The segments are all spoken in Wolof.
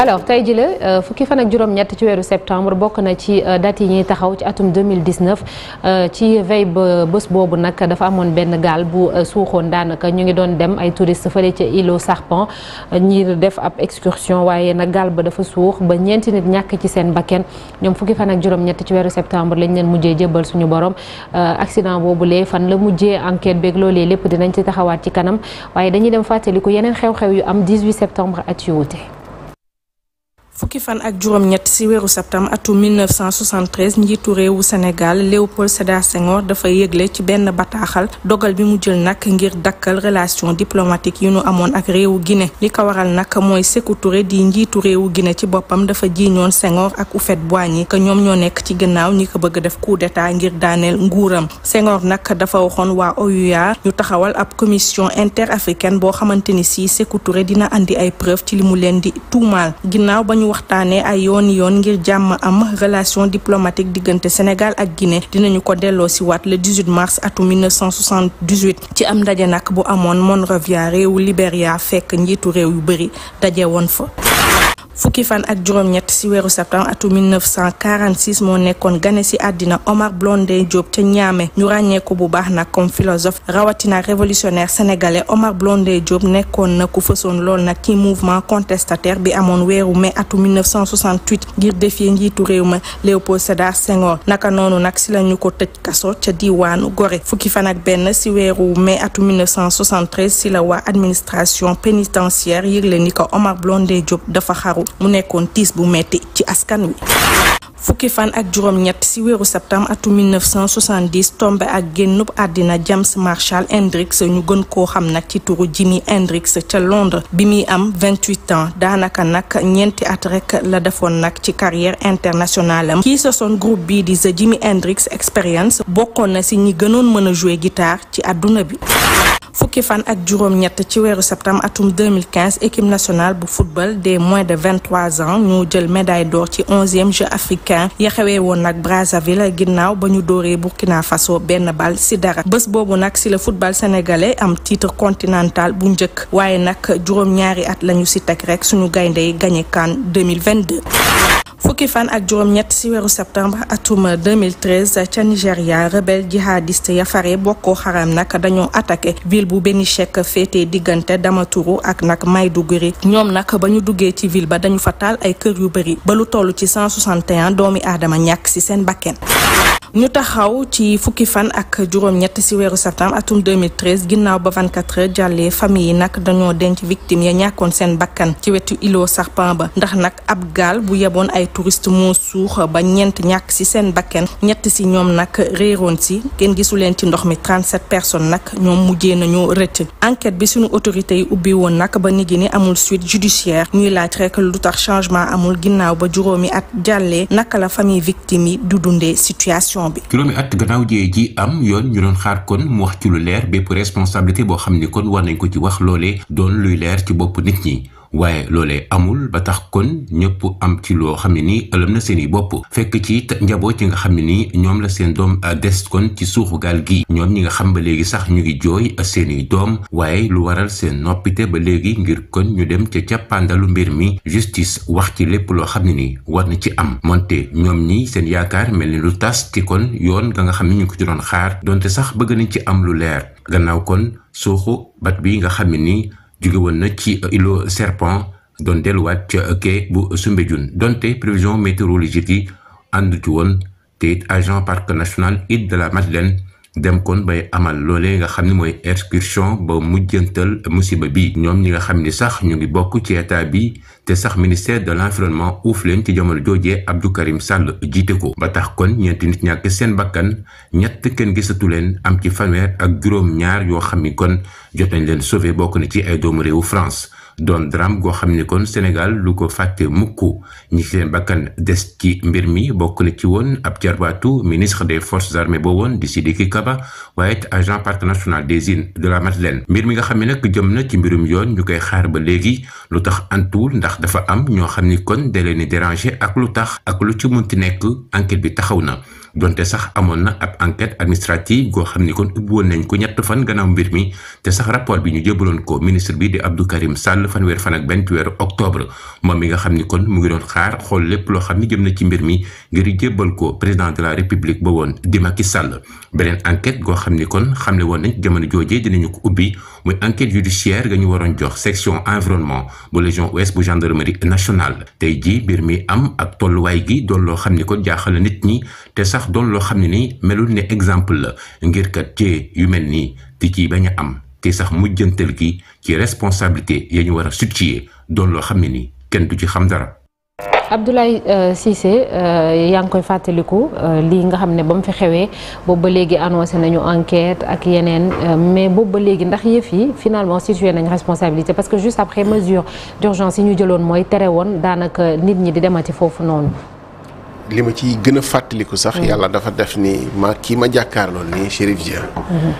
alors tey jii la euh, fukki fan ak juróom-ñett ci weeru septembre bokk na ci euh, date yi ñuy taxaw ci atum 2019 euh, ci veille ba bës boobu nag dafa amoon benn gaal bu suuxoon daanaka ñu ngi doon dem ay touriste fële ci ilo Sarpan ñi def ab excursion waaye nag gaal ba dafa suux ba ñeenti nit ñàkk ci seen bakken ñoom fukki fan ak juróom-ñett ci weeru septembre lañ leen mujjee jëbbal suñu borom accident boobu lee fan la mujjee enquête beeg lépp dinañ ci taxawaat ci kanam waaye dañuy dem fàttaliku yeneen xew-xew yu am 18 septembre at yu wute fukki fan ak juróom-ñett ci weeru septembre atum 1973 njiitu réewu Sénégal Léopold Sédar Senghor dafa yëgle ci benn bataaxal dogal bi mu jël nag ngir dakkal relation diplomatique yu nu amoon ak réewu ginne li ko waral nag mooy Sékou Touré di njiitu réewu Guinée ci boppam dafa jiiñoon Senghor ak Houphouët-Boigny que ñoom ñoo nekk ci gannaaw ñi ko bëgg def coup ngir daaneel nguuram Senghor nag dafa waxoon waa OUA ñu taxawal ab commission inter interafricaine boo xamante ni si Sékou dina indi ay preuve ci li mu leen di tuumaal waxtaanee ay yoon yoon ngir jàmm am relation diplomatique diggante Sénégal ak Guinée dinañu ko delloo si waat le 18 mars atum 1978 ci am ndaje nag bu amoon Monrovia réewu liberia fekk njiitu réew yu bëri daje woon fa. fukki fan ak juróom-ñett si weeru septembre atu 1946 moo nekkoon gane si àddina Omar Blondin Diop ca Niamey ñu ràññeeku bu baax nag comme philosophe rawatina révolutionnaire sénégalais Omar Blondin Diop nekkoon na ku fësoon lool nag ci mouvement contestataire bi amoon weeru mai atu 1968 ngir défier njiitu réew ma Léopold Sédar Senghor naka noonu nag si la ñu ko tëj kaso ca diwaanu Gorée fukki fan ak benn si weeru mais atu 1973 si la waa administration pénitentiaire yëgle ni ko Omar Blondin dafa xaru mu nekkoon tiis bu metti ci askan wi fukki fan ak juróom-ñett ci weeru septembre atu 1970 tombé ak génnub àddina James Marshall Hendrix ñu gën koo xam nag ci turu Jimi Hendrix ca Londres bi muy am 28 ans daanaka nag ñeenti at rek la defoon nag ci carrière internationale am kii sosoon groupe bii di The Jimi Hendrix Experience bokkoon na ci ñi gënoon mën a jouer guitare ci àdduna bi. fukki fan ak juróom-ñett ci weeru septembre atum 2015 équipe nationale bu football de moins de 23 ans ñu jël médaille d'or ci 11e Jeux africain ya xewee woon nag Brazzaville ginnaaw ba ñu dooree Burkina Faso benn bal si dara bés boobu nag si la football sénégalais am titre continental bu njëkk waaye nag juróom-ñaari at lañu si teg rek suñu gaynde yi gañe CAN 2022 fukki fan ak juróom-ñett ci weeru septembre atum 2013 ca Nigéria rebelle jihadiste ya fare Boko Haram nag dañoo attaqué ville bu benn Benichek féetee diggante Damaturu ak nag Maiduguri ñoom nag ba ñu duggee ci ville ba dañu fa taal ay kër yu bëri ba lu toll ci 161 doomi aadama ñàkk ci seen bakken ñu taxaw ci fukki fan ak juróom-ñett ci weeru septembre atum 2013 ginnaaw ba 24 heures jàllee famille yi nag dañoo denc victime ya ñàkkoon seen bakkan ci wetu ilo Serpent ba ndax nag ab touriste moo suux ba ñeent ñàkk ci seen bakken ñett ci ñoom nag réeroon ci kenn gisu leen ci ndox mi 37 personnes nag ñoom mujjee nañu rëcc enquête bi suñu autorités yi ubbi woon nag ba nigi ni amul suite judiciaire ñuy laaj rekk lu tax changement amul ginnaaw ba juróomi at jàllee naka la famille victime yi du dundee situation bi. juróomi at gannaaw jee ji am yoon ñu doon xaar kon mu wax ci lu leer bépp responsabilité boo xam ni kon war nañ ko ci wax loolee doon luy leer ci bopp nit waaye loole amul ba tax kon ñëpp am ci loo xam ne nii ëlëm na seen i bopp fekk ci njaboot ci nga xam ne nii ñoom la seen doom euh, des kon ci suuxu gaal gi ñoom ñi nga xam ba léegi sax ñu ngi jooy seen euh, seeni doom waaye lu waral seen noppite ba léegi ngir kon ñu dem ca cappaandalu mbir mi justice wax ci lépp loo xam ne nii war na ci am moonte ñoom ñi seen yaakaar mel ni lu tas ci kon yoon ga nga xam ne ñu ngi ko ci doon xaar donte sax bëgg nañ ci am lu leer gannaaw kon suuxu bat bi nga xam ne nii jóge woon na ci îlot Serpent doon delluwaat ca quai bu Soumbédioune donte prévision météorologique yi àndu ci woon te it agent parc national île de la Madeleine dem kon bay amal loole nga xam ne mooy excursion ba mujjantal musiba bi ñoom ñi nga xam ni sax ñu ngi bokk ci état bi te sax ministère de l'environnement uuf leen ci jamono joojee Abdou Karim Sall jiite ko ba tax kon ñeenti nit ñàkk seen bakkan ñett kenn gisatu leen am ci fanweer ak juróom ñaar yoo xam ni kon jot nañ leen sauvé bokk na ci ay doomu réewu France don drame goo xam ne kon Sénégal lu ko fàtte mukk ñi ci leen bakkan des ci mbir mi bokk na ci woon ab jarbaatu ministre des forces armées boo woon di Sidiki Kaba waaye it agent parc national des îles de la Madeleine mbir mi nga xam ne nag jëm na ci mbirum yoon ñu koy xaar ba léegi lu tax antuwul ndax dafa am ñoo xam ni kon da leen ak lu tax ak lu ci mu munti nekk enquête bi taxaw na donte sax amoon na ab enquête administrative goo xam ni kon ubbi woon nañ ko ñett fan gannaaw mbir mi te sax rapport bi ñu jébbaloon ko ministre bi di Abdou Karim Sall fanweer fan ak benn ci weeru moom mi nga xam ni kon mu ngi doon xaar xool lépp loo xam ni jëm na ci mbir mi ngir jébbal ko président de la république ba woon di Macky Sall beneen enquête goo xam ni kon xamle woon nañ jamono joojee dinañu ko ubbi muy enquête judiciaire ga ñu waroon jox section environnement bu légion ouest bu gendarmerie nationale tey jii mbir mi am ak tolluwaay gi doon loo xam ni kon jaaxal nit ñi sax doon loo xam ne nii melul ne exemple la ngir kat ci yu mel nii di ci bañ a am te sax mujjantal gi ci responsabilité ya ñu war a situer doon loo xam ne nii kenn du ci xam dara. Abdoulaye euh, Cissé euh, yaa ngi koy fàttaliku euh, lii nga xam ne ba mu fi xewee boobu ba léegi annoncé nañu enquête ak yeneen mais boobu ba léegi ndax yëf yi finalement situé nañ responsabilité parce que juste après mesure d'urgence yi ñu jëloon mooy tere woon daanaka nit ñi di demati foofu noonu. li ma ciy gën a fàttaliku sax. Mm. yàlla dafa def ni ma kii ma jàkkaarloo ni Chérif Dia. Mm-hmm.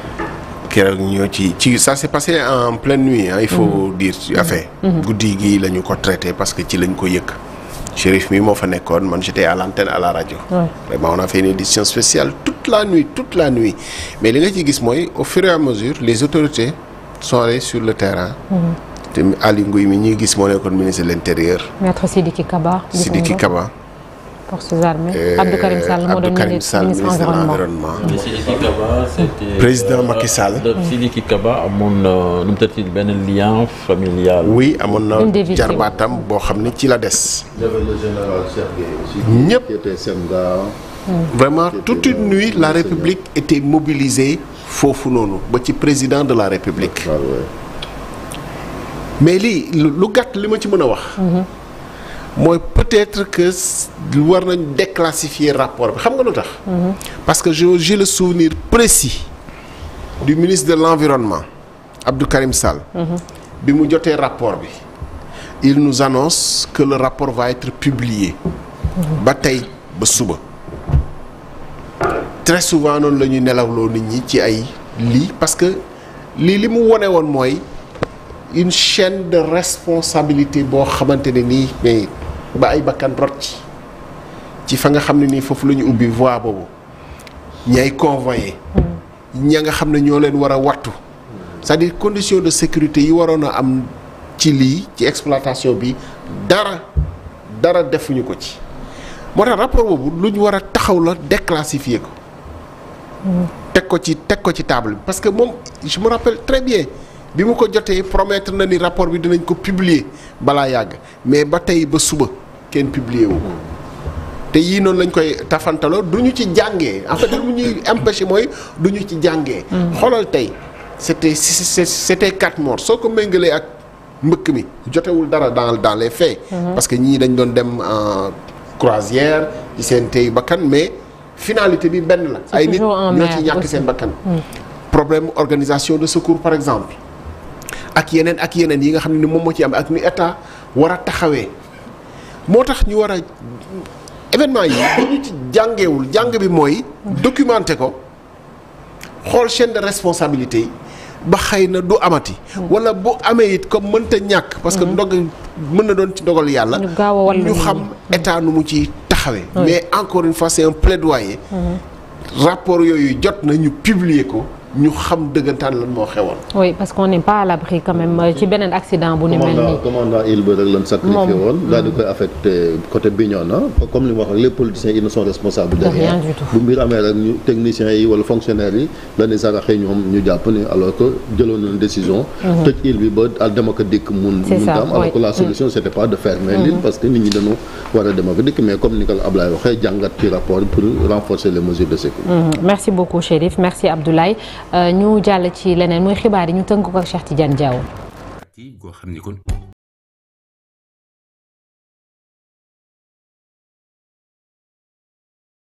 keroog ñoo ci ci ça s'est passé en pleine nuit il faut mm-hmm. dire affaire. Mm-hmm. guddi gi la ko traité parce que ci lañ ko yëkk. Chérif mi moo fa nekkoon man j'étais à l'antenne à la radio. vraiment on a fait une édition spéciale toute la nuit toute la nuit mais li nga ci gis mooy au fur et à mesure les autorités sont allées sur le terrain. te Aliou mi ñuy gis moo nekkoon ministre l'intérieur. maître Sidiki forces armées euh, Abdou Karim Sall moo doon ministre mm. euh, président Macky Sall mm. amoon na jarbaatam boo xam ne ci la des le général mm. nuit la République était mobilisée foofu noonu ba ci président de la République ah mais lii lu gàtt li ma ci mën a wax mm-hmm. mooy peut-être que war nañ déclassifier rapport bi xam nga lu tax. Mhm. parce que j'ai le souvenir précis du ministre de l'environnement Abdou Karim Sall. Mhm. bi mu jotee rapport bi. il nous annonce que le rapport va être mhm. ba tey ba suba. très souvent noonu la ñuy nelawloo nit ñi ci ay lii parce que lii li mu wone woon mooy. une chaîne de responsabilité boo xamante ne nii mais ba ay bakkan rot ci ci fa nga xam ne nii foofu la ñu ubbi voie boobu ñay convoyé ña nga xam ne ñoo leen war a wattu c'est-à-dire condition de sécurité yi waroon a am ci lii ci exploitation bi dara dara defuñu ko ci moo tax rapport boobu lu ñu war a taxaw la déclassifier ko mm. teg ko ci teg ko ci table bi parce que moom su me rappelle très bien bi mu ko jotee promettre na ni rapport bi dinañ ko publier balaa yàgg mais ba tey ba suba kenn publier wu ko te yii noonu lañ koy tafantaloo du ñu ci jàngee en fait lu ñuy empêché mooy du ñu ci jàngee. Mm. xoolal tey c'était c'était quatre morts soo ko méngalee ak mbëkk mi jotewul dara dans dans les faits. Mm-hmm. parce que ñii dañ doon dem en croisière ci seen tey bakkan mais finalité bi benn la. ay nit ñoo ci ñàkk seen bakkan. Mm. problème organisation de secours par exemple. ak yeneen ak yeneen yi nga xam ne moom moo ci am ak ni état war a taxawee moo tax ñu war a événement yi bu ci jàngeewul jàng bi mooy documenter ko xool chaîne de responsabilité yi ba xëy na du amati. wala bu amee it comme mënta ñàkk. parce que mm-hmm. ndog mën na doon ci dogal yàlla. ñu xam état nu mu ci taxawee. mais encore une fois c'est un mm-hmm. rapport yooyu jot na ñu publier ko. ñu xam dëggantaan lan moo xewoon. parce qu'on n'est euh, ci beneen accident bu ni mel nii. comme li ma wax rek les politiciens ils ne sont responsables bu mbir amee rek ñu techniciens yi wala fonctionnaires yi la ni saraxee ñoom ñu jàpp ni alors que jëloon nañu décision. Mhm. tëj île bi ba al dikk mun. mun tam alors que la mhm. solution c'était pas de fermer l'île mhm. parce que nit ñi dañu war a dikk mais comme ni ko Ablaye waxee jàngat ci rapport pour renforcer les mesures ñu jàll ci leneen muy xibaar yi ñu tënk ko ak Cheikh Tidiane Diaw.